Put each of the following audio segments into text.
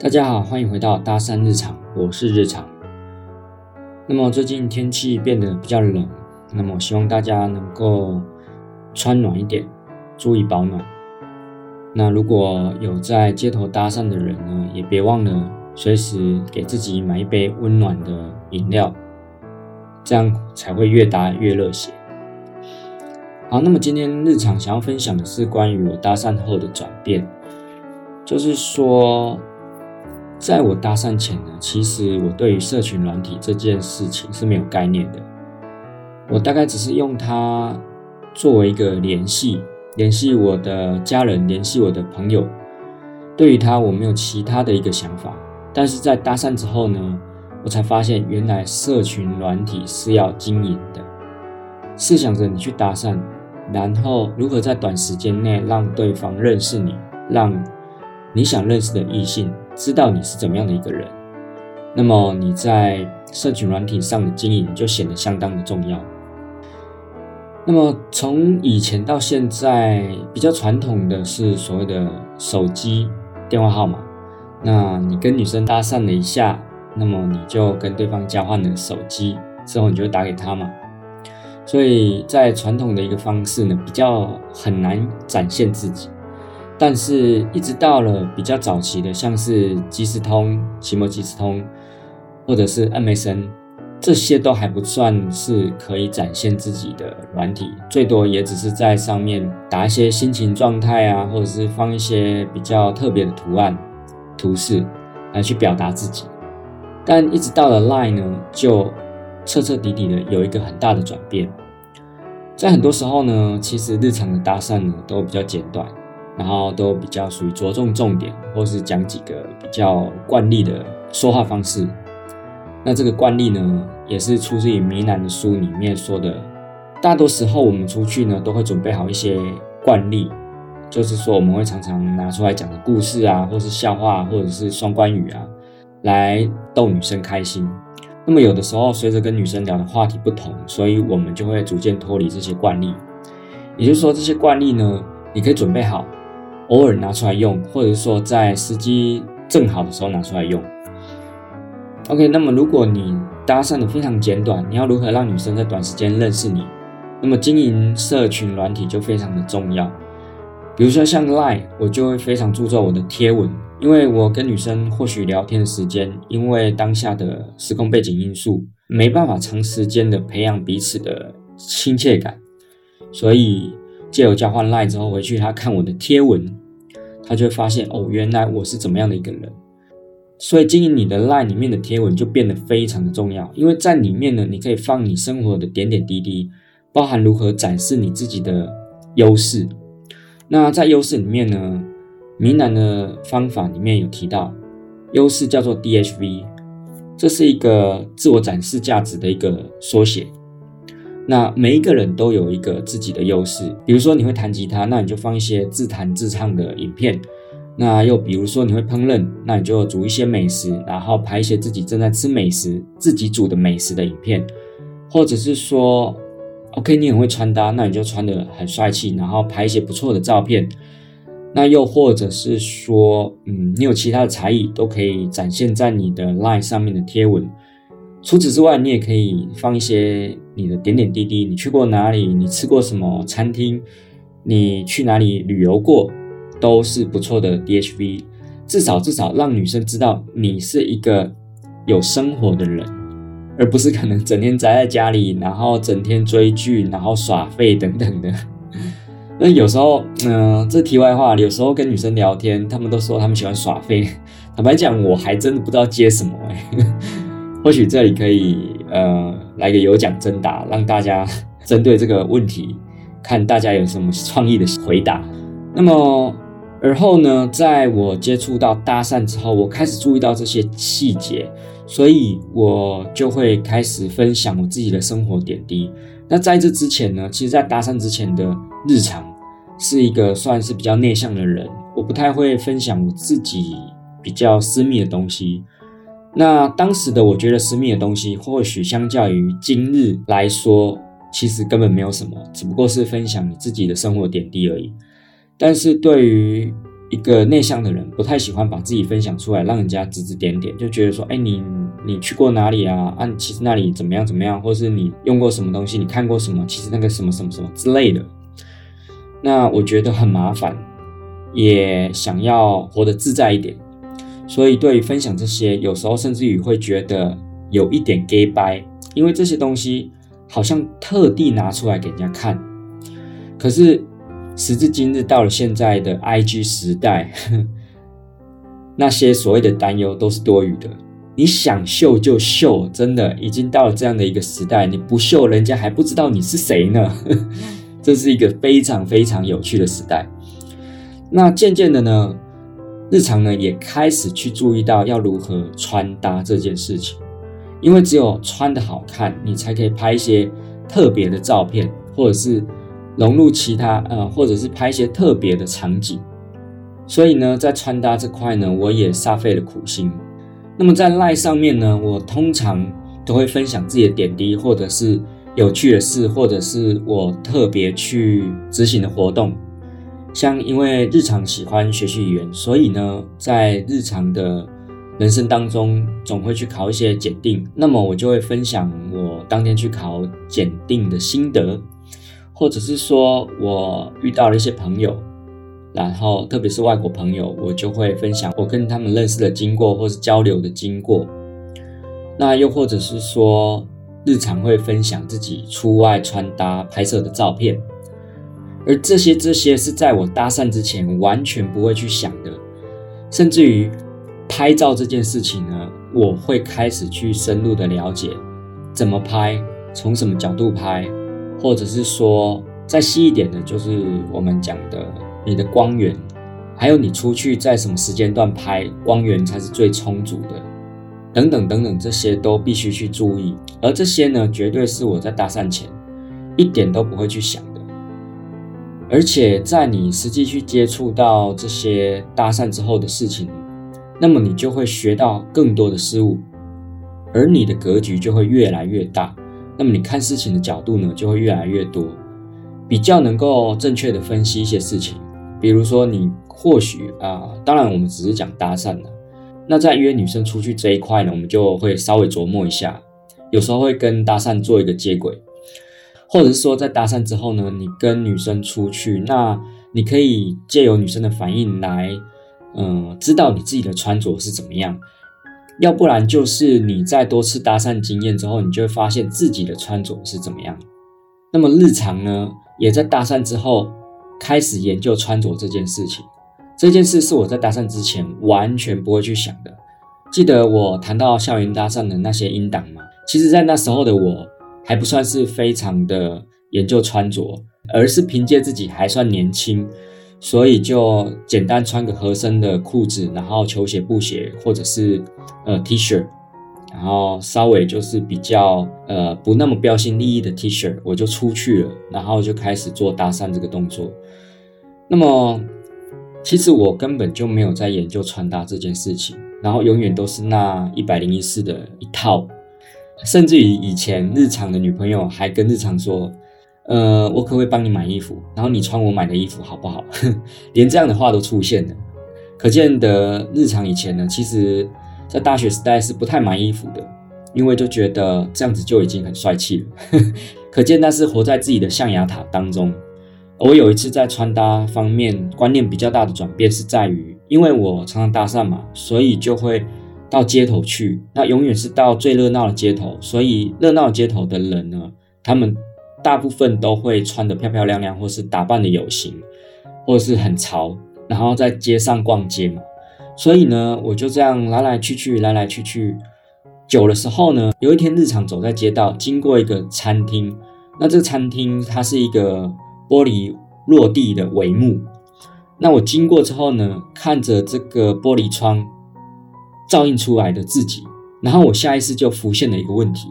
大家好，歡迎回到搭訕日常，我是日常。那麼最近天氣變得比較冷，那麼希望大家能夠穿暖一點，注意保暖。那如果有在街頭搭訕的人呢，也別忘了。隨時給自己買一杯溫暖的飲料，這樣才會越搭越熱血。好，那麼今天日常想要分享的是關於我搭訕後的轉變，就是說，在我搭訕前呢，其實我對於社群軟體這件事情是沒有概念的，我大概只是用它作為一個聯繫，聯繫我的家人，聯繫我的朋友，對於它我沒有其他的一個想法。但是在搭訕之後呢，我才發現原來社群軟體是要經營的。試想着你去搭訕，然後如何在短時間內讓對方認識你，讓你想認識的異性知道你是怎麼樣的一個人，那麼你在社群軟體上的經營就顯得相當的重要。那麼從以前到現在，比較傳統的是所謂的手機電話號碼。那你跟女生搭訕了一下，那麼你就跟對方交換了手機之後，你就打給她嘛。所以在傳統的一個方式呢，比較很難展現自己。但是，一直到了比較早期的，像是即時通、奇摩即時通，或者是 MSN，這些都還不算是可以展現自己的軟體，最多也只是在上面打一些心情狀態啊，或者是放一些比較特別的圖案。圖示來去表達自己，但一直到了 line 呢，就徹徹底底的有一個很大的轉變。在很多時候呢，其實日常的搭訕呢都比較簡短，然後都比較屬於着重重點，或是講幾個比較慣例的說話方式。那這個慣例呢，也是出自於謎男的書裡面說的。大多時候我們出去呢，都會準備好一些慣例。就是說，我們會常常拿出來講的故事啊，或是笑話啊，或者是雙關語啊，來逗女生開心。那麼有的時候，隨着跟女生聊的話題不同，所以我們就會逐漸脫離這些慣例。也就是說，這些慣例呢，你可以準備好，偶爾拿出來用，或者是說在時機正好的時候拿出來用。OK，那麼如果你搭訕的非常簡短，你要如何讓女生在短時間認識你？那麼經營社群軟體就非常的重要。比如說像 Line，我就會非常注重我的貼文，因為我跟女生或許聊天的時間，因為當下的時空背景因素，沒辦法長時間的培養彼此的親切感，所以借由交換 Line 之後回去，他看我的貼文，他就會發現哦，原來我是怎麼樣的一個人。所以經營你的 Line 裡面的貼文就變得非常的重要，因為在裡面呢，你可以放你生活的點點滴滴，包含如何展示你自己的優勢。那在優勢裡面呢，謎男的方法裡面有提到，優勢叫做 DHV，這是一個自我展示價值的一個縮寫。那每一個人都有一個自己的優勢，比如說你會彈吉他，那你就放一些自彈自唱的影片；那又比如說你會烹飪，那你就煮一些美食，然後拍一些自己正在吃美食、自己煮的美食的影片，或者是說，OK 你很會穿搭，那你就穿得很帥氣，然後拍一些不錯的照片。那又或者是說，嗯，你有其他的才藝，都可以展現在你的 LINE 上面的貼文。除此之外，你也可以放一些你的點點滴滴，你去過哪裡，你吃過什麼餐廳，你去哪裡旅遊過，都是不錯的 DHV。至少，至少讓女生知道你是一個有生活的人。而不是可能整天宅在家裡，然後整天追劇，然後耍廢等等的。那有時候，嗯，呃，這題外話，有時候跟女生聊天，她們都說她們喜歡耍廢。坦白講，我還真的不知道接什麼，欸，呵呵，或許這裡可以，呃，來個有獎徵答，讓大家針對這個問題，看大家有什麼創意的回答。那麼，而後呢，在我接觸到搭訕之後，我開始注意到這些細節。所以我就會開始分享我自己的生活點滴。那在這之前呢，其實在搭訕之前的日常，是一個算是比較內向的人，我不太會分享我自己比較私密的東西。那當時的我覺得私密的東西，或許相較於今日來說，其實根本沒有什麼，只不過是分享你自己的生活點滴而已。但是對於一個內向的人，不太喜歡把自己分享出來，讓人家指指點點，就覺得說，哎、欸，你你去過哪裡啊？啊，其實那裡怎麼樣怎麼樣，或是你用過什麼東西，你看過什麼？其實那個什麼什麼什麼之類的。那我覺得很麻煩，也想要活得自在一點，所以對於分享這些，有時候甚至於會覺得有一點假掰，因為這些東西好像特地拿出來給人家看，可是。時至今日，到了現在的 IG 時代，那些所謂的擔憂都是多餘的。你想秀就秀，真的已經到了這樣的一個時代，你不秀人家還不知道你是誰呢。這是一個非常非常有趣的時代。那漸漸的呢，日常呢也開始去注意到要如何穿搭這件事情，因為只有穿的好看，你才可以拍一些特別的照片，或者是。融入其他，呃，或者是拍一些特別的場景，所以呢，在穿搭這塊呢，我也煞費了苦心。那麼在 LINE 上面呢，我通常都會分享自己的點滴，或者是有趣的事，或者是我特別去執行的活動。像因為日常喜歡學習語言，所以呢，在日常的人生當中，總會去考一些檢定。那麼我就會分享我當天去考檢定的心得。或者是說，我遇到了一些朋友，然後特別是外國朋友，我就會分享我跟他們認識的經過，或是交流的經過。那又或者是說，日常會分享自己出外穿搭、拍攝的照片。而這些這些是在我搭訕之前完全不會去想的，甚至於拍照這件事情呢，我會開始去深入的了解，怎麼拍，從什麼角度拍。或者是說再細一點的，就是我們講的你的光源，還有你出去在什麼時間段拍光源才是最充足的，等等等等，這些都必須去注意。而這些呢，絕對是我在搭訕前一點都不會去想的。而且在你實際去接觸到這些搭訕之後的事情，那麼你就會學到更多的事物，而你的格局就會越來越大。那麼你看事情的角度呢，就會越來越多，比較能夠正確的分析一些事情。比如說，你或許啊、呃，當然我們只是講搭訕了，那在約女生出去這一塊呢，我們就會稍微琢磨一下，有時候會跟搭訕做一個接軌，或者是說在搭訕之後呢，你跟女生出去，那你可以借由女生的反應來，嗯、呃，知道你自己的穿着是怎麼樣。要不然就是你在多次搭訕經驗之後，你就會發現自己的穿着是怎麼樣。那麼日常呢，也在搭訕之後開始研究穿着這件事情。這件事是我在搭訕之前完全不會去想的。記得我談到校園搭訕的那些音檔嗎？其實，在那時候的我還不算是非常的研究穿着，而是憑借自己還算年輕。所以就簡單穿個合身的褲子，然後球鞋、布鞋，或者是呃 T 恤，然後稍微就是比較呃不那麼標新立異的 T 恤，我就出去了，然後就開始做搭訕這個動作。那麼其實我根本就沒有在研究穿搭這件事情，然後永遠都是那一百零一式的一套，甚至於以前日常的女朋友還跟日常說。呃，我可不可以幫你買衣服？然後你穿我買的衣服好不好？ 連這樣的話都出現了，可見得日常以前呢，其實，在大學時代是不太買衣服的，因為就覺得這樣子就已經很帥氣了。 可見那是活在自己的象牙塔當中。我有一次在穿搭方面觀念比較大的轉變，是在於，因為我常常搭訕嘛，所以就會到街頭去。那永遠是到最熱鬧的街頭，所以熱鬧的街頭的人呢，他們。大部分都會穿得漂漂亮亮，或是打扮的有型，或是很潮，然後在街上逛街嘛。所以呢，我就這樣來來去去，來來去去。久的時候呢，有一天日常走在街道，經過一個餐廳。那這個餐廳它是一個玻璃落地的帷幕。那我經過之後呢，看着這個玻璃窗照映出來的自己，然後我下意識就浮現了一個問題，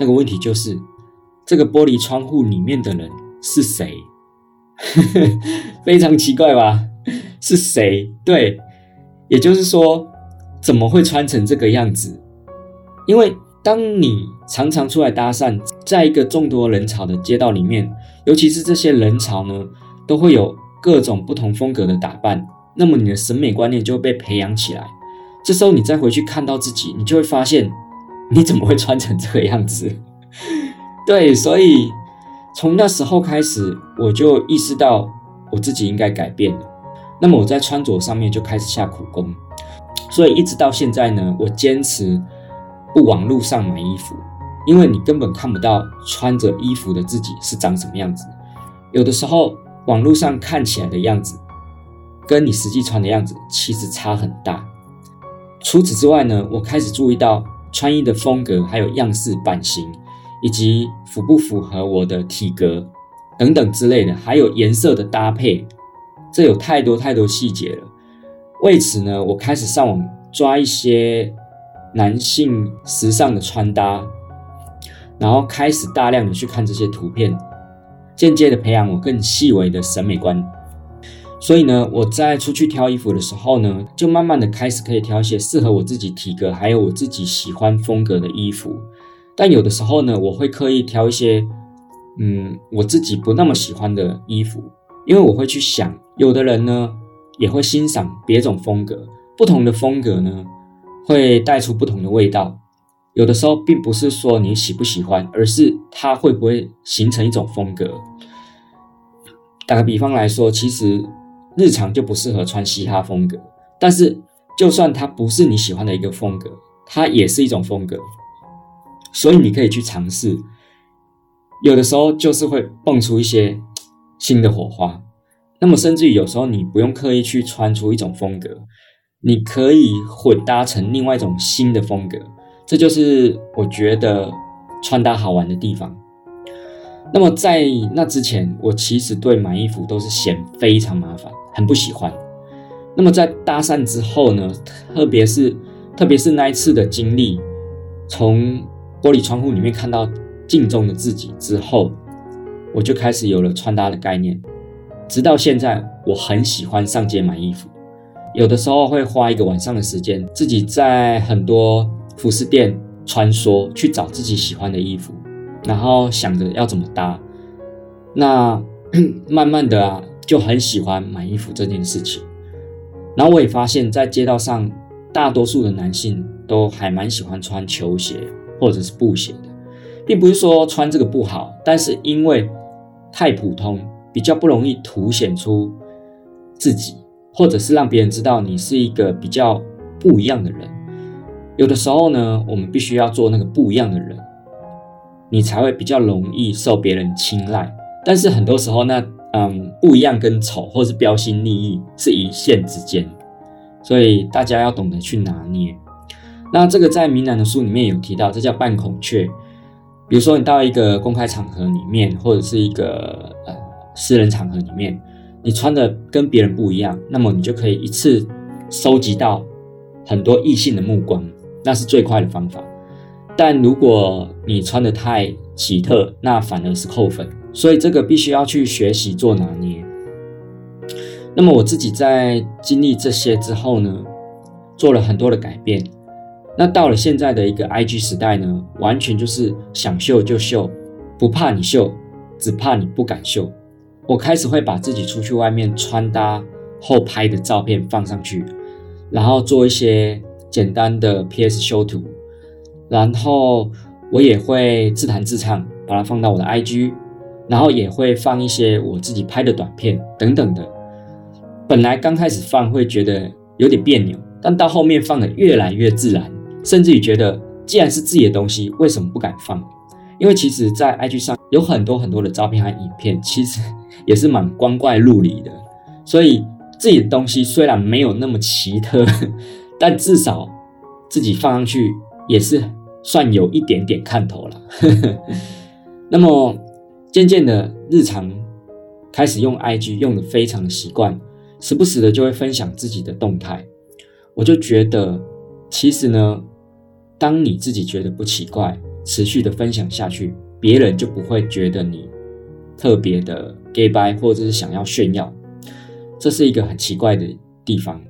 那個問題就是。這個玻璃窗戶裡面的人是誰？ 非常奇怪吧？是誰？對，也就是說，怎麼會穿成這個樣子？因為當你常常出來搭訕，在一個眾多人潮的街道裡面，尤其是這些人潮呢，都會有各種不同風格的打扮，那麼你的審美觀念就會被培養起來。這時候你再回去看到自己，你就會發現，你怎麼會穿成這個樣子？對，所以從那時候開始，我就意識到我自己應該改變了。那麼我在穿着上面就開始下苦功，所以一直到現在呢，我堅持不網路上買衣服，因為你根本看不到穿着衣服的自己是長什麼樣子。有的時候網絡上看起來的樣子，跟你實際穿的樣子其實差很大。除此之外呢，我開始注意到穿衣的風格還有樣式版型。以及符不符合我的體格，等等之類的，還有顏色的搭配，這有太多太多細節了。為此呢，我開始上網抓一些男性時尚的穿搭，然後開始大量的去看這些圖片，間接的培養我更細微的審美觀。所以呢，我在出去挑衣服的時候呢，就慢慢的開始可以挑一些適合我自己體格，還有我自己喜歡風格的衣服。但有的時候呢，我會刻意挑一些，嗯，我自己不那麼喜歡的衣服，因為我會去想，有的人呢也會欣賞別種風格，不同的風格呢會帶出不同的味道。有的時候並不是說你喜不喜歡，而是它會不會形成一種風格。打個比方來說，其實日常就不適合穿嘻哈風格，但是就算它不是你喜歡的一個風格，它也是一種風格。所以你可以去嘗試，有的時候就是會蹦出一些新的火花。那麼甚至於有時候你不用刻意去穿出一種風格，你可以混搭成另外一種新的風格。這就是我覺得穿搭好玩的地方。那麼在那之前，我其實對買衣服都是嫌非常麻煩，很不喜歡。那麼在搭訕之後呢，特別是特別是那一次的經歷，從玻璃窗戶裡面看到鏡中的自己之後，我就開始有了穿搭的概念。直到現在，我很喜歡上街買衣服，有的時候會花一個晚上的時間，自己在很多服飾店穿梭，去找自己喜歡的衣服，然後想着要怎麼搭。那慢慢的啊，就很喜歡買衣服這件事情。然後我也發現，在街道上，大多數的男性都還蠻喜歡穿球鞋。或者是布鞋，並不是說穿這個不好，但是因為太普通，比較不容易凸顯出自己，或者是讓別人知道你是一個比較不一樣的人。有的時候呢，我們必須要做那個不一樣的人，你才會比較容易受別人青睞。但是很多時候那，那嗯，不一樣跟醜，或是標新立異，是一線之間的，所以大家要懂得去拿捏。那這個在謎男的書裡面有提到，這叫扮孔雀。比如說，你到一個公開場合裡面，或者是一個呃私人場合裡面，你穿的跟別人不一樣，那麼你就可以一次收集到很多異性的目光，那是最快的方法。但如果你穿的太奇特，那反而是扣分。所以這個必須要去學習做拿捏。那麼我自己在經歷這些之後呢，做了很多的改變。那到了現在的一個 IG 時代呢，完全就是想秀就秀，不怕你秀，只怕你不敢秀。我開始會把自己出去外面穿搭後拍的照片放上去，然後做一些簡單的 PS 修圖，然後我也會自彈自唱，把它放到我的 IG，然後也會放一些我自己拍的短片等等的。本來剛開始放會覺得有點彆扭，但到後面放的越來越自然。甚至於覺得，既然是自己的東西，為什麼不敢放？因為其實，在 IG 上有很多很多的照片和影片，其實也是蠻光怪陸離的。所以自己的東西雖然沒有那麼奇特，但至少自己放上去也是算有一點點看頭了。 那麼漸漸的，日常開始用 IG，用的非常的習慣，時不時的就會分享自己的動態。我就覺得，其實呢。當你自己覺得不奇怪，持續的分享下去，別人就不會覺得你特別的 gay by，或者是想要炫耀。這是一個很奇怪的地方。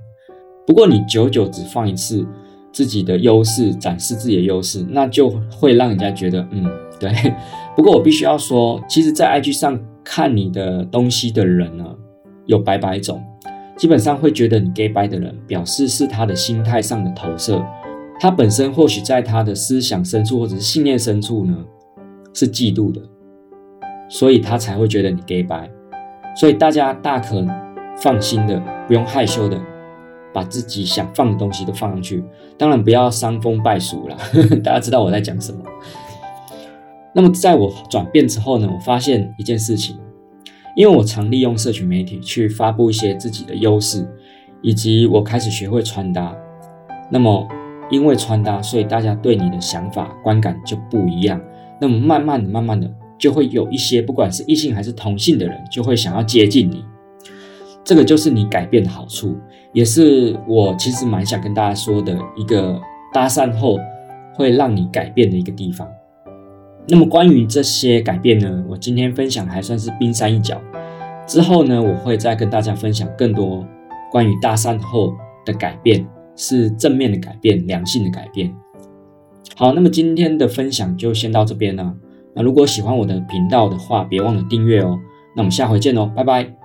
不過你久久只放一次自己的優勢，展示自己的優勢，那就會讓人家覺得，嗯，對。不過我必須要說，其實，在 IG 上看你的東西的人呢，有百百種，基本上會覺得你 gay by 的人，表示是他的心態上的投射。他本身或許在他的思想深處或者是信念深處呢，是嫉妒的，所以他才會覺得你假掰，所以大家大可放心的，不用害羞的，把自己想放的東西都放上去，當然不要傷風敗俗啦，呵呵。大家知道我在講什麼。那麼在我轉變之後呢，我發現一件事情，因為我常利用社群媒體去發布一些自己的優勢，以及我開始學會穿搭，那麼。因為穿搭，所以大家對你的想法觀感就不一樣。那麼，慢慢的、慢慢的，就會有一些不管是異性還是同性的人，就會想要接近你。這個就是你改變的好處，也是我其實蠻想跟大家說的一個搭訕後會讓你改變的一個地方。那麼，關於這些改變呢，我今天分享還算是冰山一角。之後呢，我會再跟大家分享更多關於搭訕後的改變。是正面的改變，良性的改變。好，那麼今天的分享就先到這邊了。那如果喜歡我的頻道的話，別忘了訂閱哦。那我們下回見哦，拜拜。